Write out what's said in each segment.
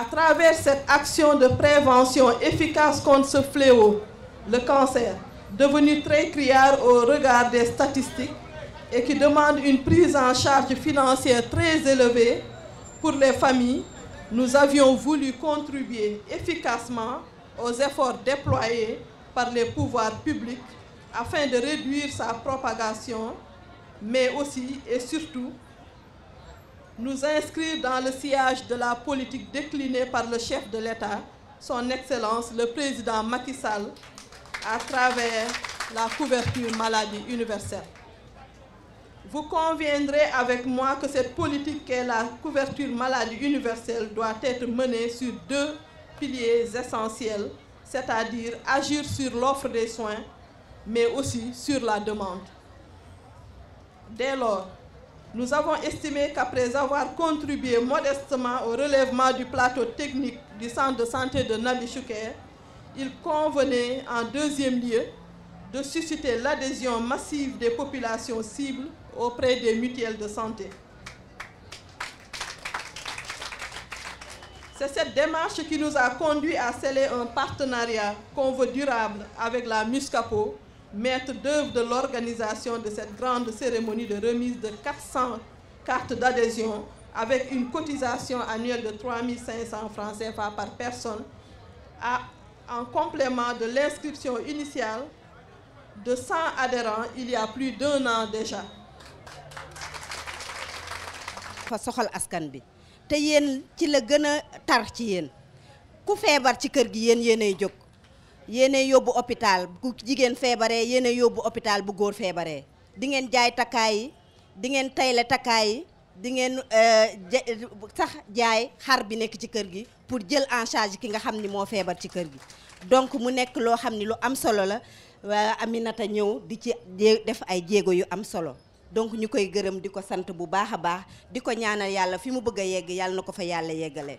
À travers cette action de prévention efficace contre ce fléau, le cancer, devenu très criard au regard des statistiques et qui demande une prise en charge financière très élevée pour les familles, nous avions voulu contribuer efficacement aux efforts déployés par les pouvoirs publics afin de réduire sa propagation, mais aussi et surtout nous inscrire dans le sillage de la politique déclinée par le chef de l'État, son Excellence le Président Macky Sall, à travers la couverture maladie universelle. Vous conviendrez avec moi que cette politique qu'est la couverture maladie universelle doit être menée sur deux piliers essentiels, c'est-à-dire agir sur l'offre des soins, mais aussi sur la demande. Dès lors, nous avons estimé qu'après avoir contribué modestement au relèvement du plateau technique du centre de santé de Nabichouké, il convenait en deuxième lieu de susciter l'adhésion massive des populations cibles auprès des mutuelles de santé. C'est cette démarche qui nous a conduit à sceller un partenariat qu'on veut durable avec la MUSCAPO maître d'œuvre de l'organisation de cette grande cérémonie de remise de 400 cartes d'adhésion avec une cotisation annuelle de 3500 francs CFA par personne, en complément de l'inscription initiale de 100 adhérents il y a plus d'un an déjà. yéenay yóbbu hôpital bu jigéen feebaree yéenay yóbbu hôpital bu góor feebaree di ngeen jaay takkaay yi di ngeen tayle takkaay yi di ngeen euh, sax jaay xar bi nekk ci kër gi pour jël en charge ki nga xam ni moo feebar ci kër gi donc mu nekk loo xam ni lu am solo la ami Aminata ñëw di ci def ay jéego yu am solo donc ñu koy gërëm di ko sant bu baax a baax di ko ñaanal yàlla fi mu bëgg a yegg yàlla na ko fa yàlla yeggalee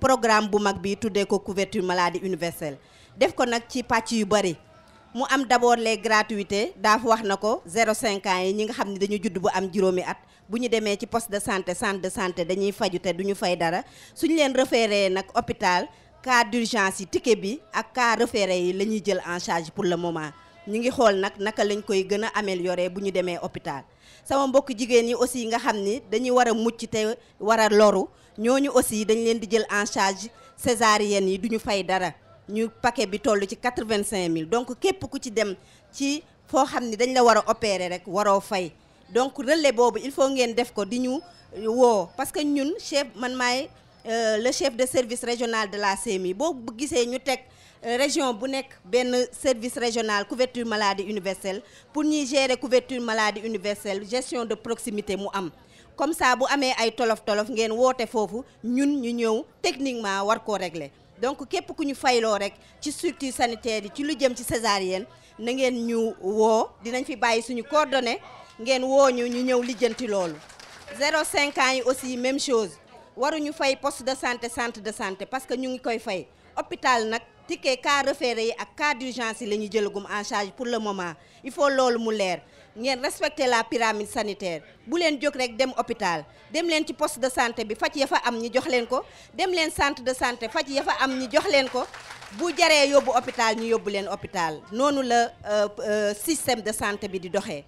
programme bu mag bi tuddé ko couverture maladie universelle def ko nak ci patch yu bari mu am d'abord les gratuités daaf wax nako 0,5 ans yi ñi nga xamni dañu judd bu am juróomi at bu ñu ci poste de santé centre de santé dañuy faju té duñu fay dara suñu len référé nak hôpital cas d'urgence ticket bi ak cas référé yi lañuy jël en charge pour le moment ñi ngi xol nak naka lañ koy gëna améliorer bu ñu hôpital sama mbokk jigéen yi aussi nga xamni ni dañuy wara mucc te wara a loru nous aussi dañ leen di jël en charge césarienne yi duñu fay dara ñu paquet bi tollu ci 85000 de 85 donc képp ku ci dem ci fo xamni dañ la wara opérer rek waroo fay donc relais il faut ngeen def ko di ñu parce que nous, chef man euh, le chef de service régional de la CMI bo gisee ñu tek euh, région bu nek un service régional couverture maladie universelle pour ñi gérer couverture maladie universelle gestion de proximité mu comme ça bu amé ay tolof-tolof ngeen woté fofu ñun ñu ñew techniquement war ko régler donc képp ku ñu fayloo rek ci structure sanitaire ci lu jëm ci césarienne na ngeen ñu wo dinañ fi bayyi suñu coordonnées ngeen woo ñu ñu ñëw lijjanti loolu. 05 ans aussi même chose waru ñu fay poste de santé centre de santé parce que ñu ngi koy fay hôpital nak ticket cas référé ak cas d'urgence lañu jël gum en charge pour le moment il faut loolu mu lèr ngeen respecté la pyramide sanitaire bu leen jóg rek dem hôpital dem leen ci poste de santé bi faj ya fa am ñi jox leen ko dem leen centre de santé faj ya fa am ñi jox leen ko bu jaree yóbbu hôpital ñu yóbbu leen hôpital noonu la euh, euh, système de santé bi di doxee.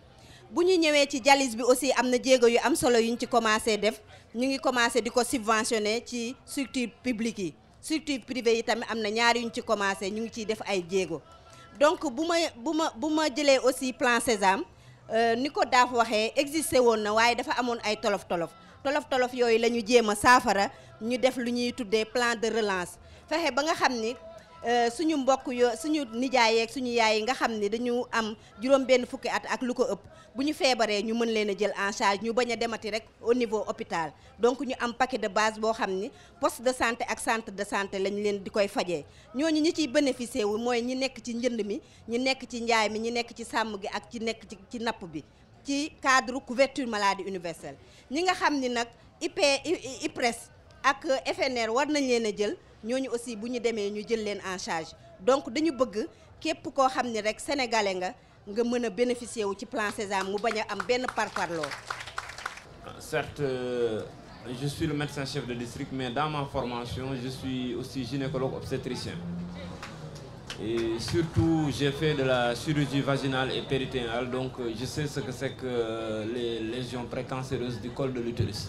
bu ñu ñëwee ci dialyse bi aussi am na jéego yu am solo yuñ ci commencé def ñu ngi commencé di ko subventionné ci structure publique yi structure privée yi tamit am na ñaar yuñ ci commencé ñu ngi ciy def ay jéego donc bu ma bu ma bu ma jëlee aussi plan Sésame. Euh, ni ko daaf waxee existé woon na waaye dafa amone ay tolof-tolof tolof-tolof yoy lañu ñu safara ñu def luñuy tuddé plan de relance fexé ba nga xamni Euh, suñu mbokk yo suñu nijaay suñu yaay yi nga xam ni dañu am juróom benn fukki at ak lu ko ëpp bu ñu feebaree ñu mën leen a jël en charge ñu bañ a demati rek au niveau hôpital donc ñu am paquet de base boo xam ni poste de santé ak centre de santé lañ leen di koy fajee ñooñu ñi ciy bénéficier wu mooy ñi nekk ci njënd mi ñi nekk ci njaay mi ñi nekk ci sàmm gi ak ci nekk ci ci napp bi ci cadre couverture maladie universelle ñi nga xam ni nag IP IPRES ak e FNR war nañ leen a jël ñooñu aussi buñu démé en charge donc dañu bëgg képp ko sénégalais nga nga bénéficier wu plan Sésame mu ah, certes euh, je suis le médecin chef de district mais dans ma formation je suis aussi gynécologue obstétricien et surtout j'ai fait de la chirurgie vaginale et périténale donc euh, je sais ce que c'est que euh, les lésions précancéreuses du col de l'utérus.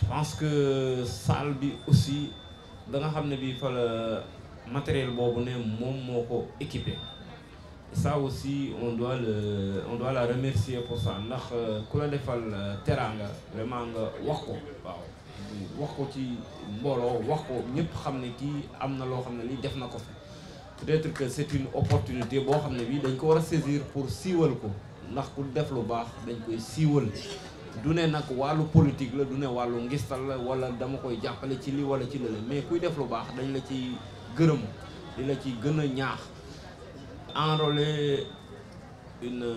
je pense que salle bi aussi da nga xamné bi fa le matériel bobu né mom moko ko équipé ça aussi on doit le on doit la remercier pour ça ndax euh, ku la defal euh, teraanga vraiment nga wax ko waaw wax ko ci mboro wax ko ñëpp xamné ki amna lo xamné li def nako ko fi peut-être que c'est une opportunité bo xamné bi dañ ko wara saisir pour siiwal ko ndax ku def lu baax dañ koy siiwal du nak walu politique la du walu ngistal la wala dama koy jappalé ci li wala ci lële mais kuy def lu bax dañ la ci gëreum dila ci gëna ñaax enrôler une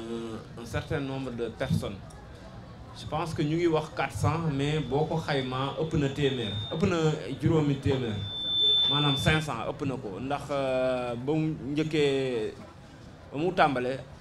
un certain nombre de personnes je pense que ñu ngi wax 400 mais boko xayma ëpp na téeméer ëpp na juroomi téeméer manam 500 ëpp na ko ndax euh, bu mu njëkkee mu tambalé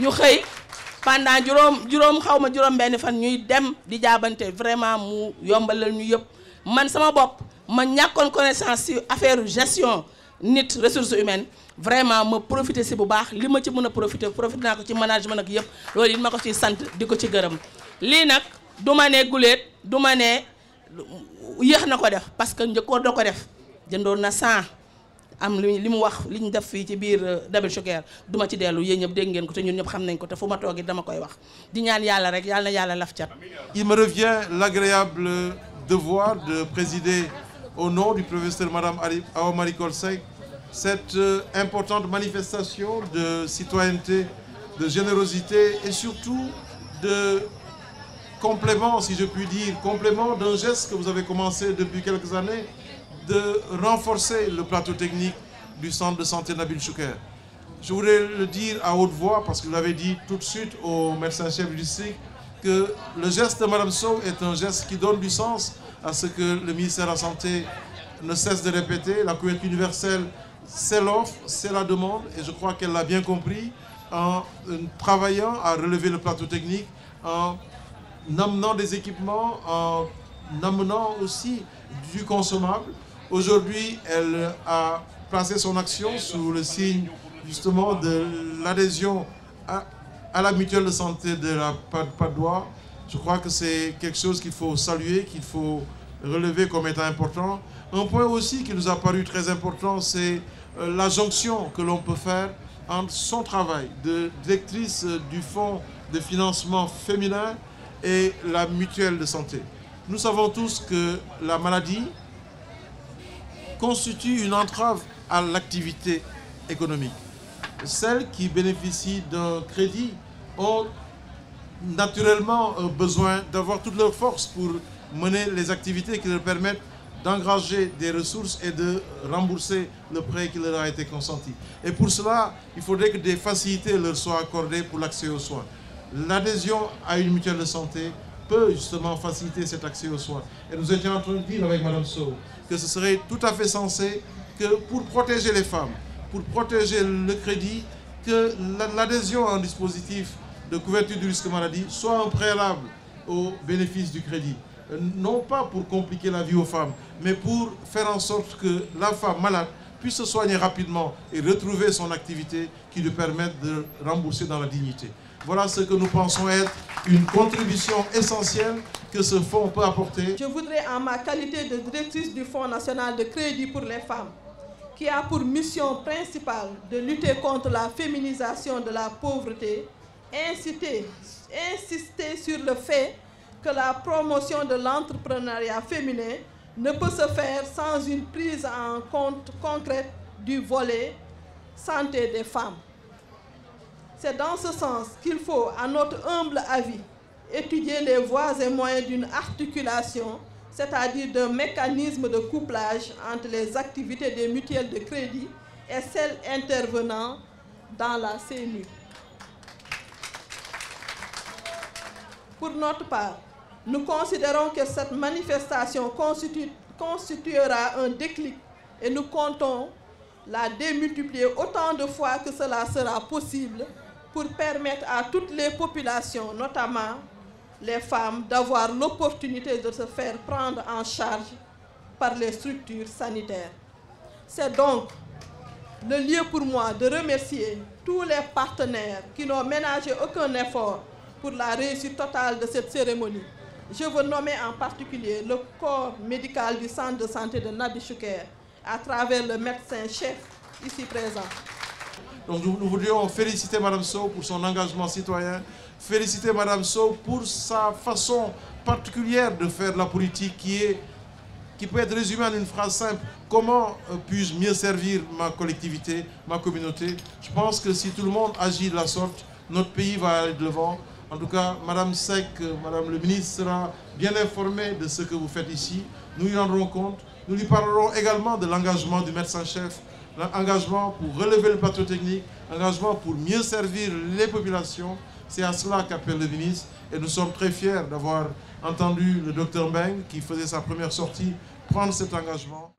ñu xëy pendant juróom juróom xaw ma juróom benn fan ñuy dem di jaabante vraiment mu yombalal ñu yëpp man sama bopp ma ñàkkoon connaissance ci affaire gestion nit ressources humaines vraiment ma profité ci bu baax li ma ci mën a profité profité naa ko ci management ak yëpp loolu it ma ko ciy sant di ko ci gërëm lii nag du ma ne guléet du ma ne yéex na ko def parce que njëkkoon da ko def jëndoon na 100 Il me revient l'agréable devoir de présider au nom du professeur Madame Awa Marie cette euh, importante manifestation de citoyenneté, de générosité et surtout de complément, si je puis dire, complément d'un geste que vous avez commencé depuis quelques années de renforcer le plateau technique du centre de santé Nabil Choukher. Je voulais le dire à haute voix, parce que vous l'avez dit tout de suite au médecin-chef du district, que le geste de Mme Sow est un geste qui donne du sens à ce que le ministère de la Santé ne cesse de répéter. La couverture universelle, c'est l'offre, c'est la demande, et je crois qu'elle l'a bien compris en euh, travaillant à relever le plateau technique, en amenant des équipements, en amenant aussi du consommable. Aujourd'hui, elle a placé son action sous le signe justement de l'adhésion à, la mutuelle de santé de la Padois. Je crois que c'est quelque chose qu'il faut saluer, qu'il faut relever comme étant important. Un point aussi qui nous a paru très important, c'est euh, la jonction que l'on peut faire entre son travail de directrice euh, du Fonds de financement féminin et la mutuelle de santé. Nous savons tous que la maladie, constitue une entrave à l'activité économique. Celles qui bénéficient d'un crédit ont naturellement besoin d'avoir toutes leurs forces pour mener les activités qui leur permettent d'engager des ressources et de rembourser le prêt qui leur a été consenti. Et pour cela, il faudrait que des facilités leur soient accordées pour l'accès aux soins. L'adhésion à une mutuelle de santé, peut justement faciliter cet accès aux soins. Et nous étions en train de dire avec Mme Sow que ce serait tout à fait sensé que pour protéger les femmes, pour protéger le crédit, que l'adhésion à un dispositif de couverture du risque maladie soit un préalable au bénéfice du crédit. Euh, non pas pour compliquer la vie aux femmes, mais pour faire en sorte que la femme malade puisse se soigner rapidement et retrouver son activité qui lui permette de rembourser dans la dignité. Voilà ce que nous pensons être une contribution essentielle que ce fonds peut apporter. Je voudrais, en ma qualité de directrice du Fonds national de crédit pour les femmes, qui a pour mission principale de lutter contre la féminisation de la pauvreté, insister sur le fait que la promotion de l'entrepreneuriat féminin ne peut se faire sans une prise en compte concrète du volet santé des femmes. C'est dans ce sens qu'il faut, à notre humble avis, étudier les voies et moyens d'une articulation, c'est-à-dire d'un mécanisme de couplage entre les activités des mutuelles de crédit et celles intervenant dans la CNU. Pour notre part, nous considérons que cette manifestation constituera un déclic et nous comptons la démultiplier autant de fois que cela sera possible pour permettre à toutes les populations, notamment les femmes, d'avoir l'opportunité de se faire prendre en charge par les structures sanitaires. C'est donc le lieu pour moi de remercier tous les partenaires qui n'ont ménagé aucun effort pour la réussite totale de cette cérémonie. Je veux nommer en particulier le corps médical du centre de santé de Nabi Chouker à travers le médecin-chef ici présent. Donc nous, voulions voudrions féliciter Madame Sow pour son engagement citoyen, féliciter Madame Sow pour sa façon particulière de faire la politique qui est qui peut être résumée en une phrase simple. Comment euh, puis-je mieux servir ma collectivité, ma communauté Je pense que si tout le monde agit de la sorte, notre pays va aller de l'avant. En tout cas, Madame Sec, euh, Madame le ministre sera bien informée de ce que vous faites ici. Nous y rendrons compte. Nous lui parlerons également de l'engagement du médecin-chef engagement pour relever le plateau technique, engagement pour mieux servir les populations. C'est à cela qu'appelle le ministre et nous sommes très fiers d'avoir entendu le docteur Meng qui faisait sa première sortie prendre cet engagement.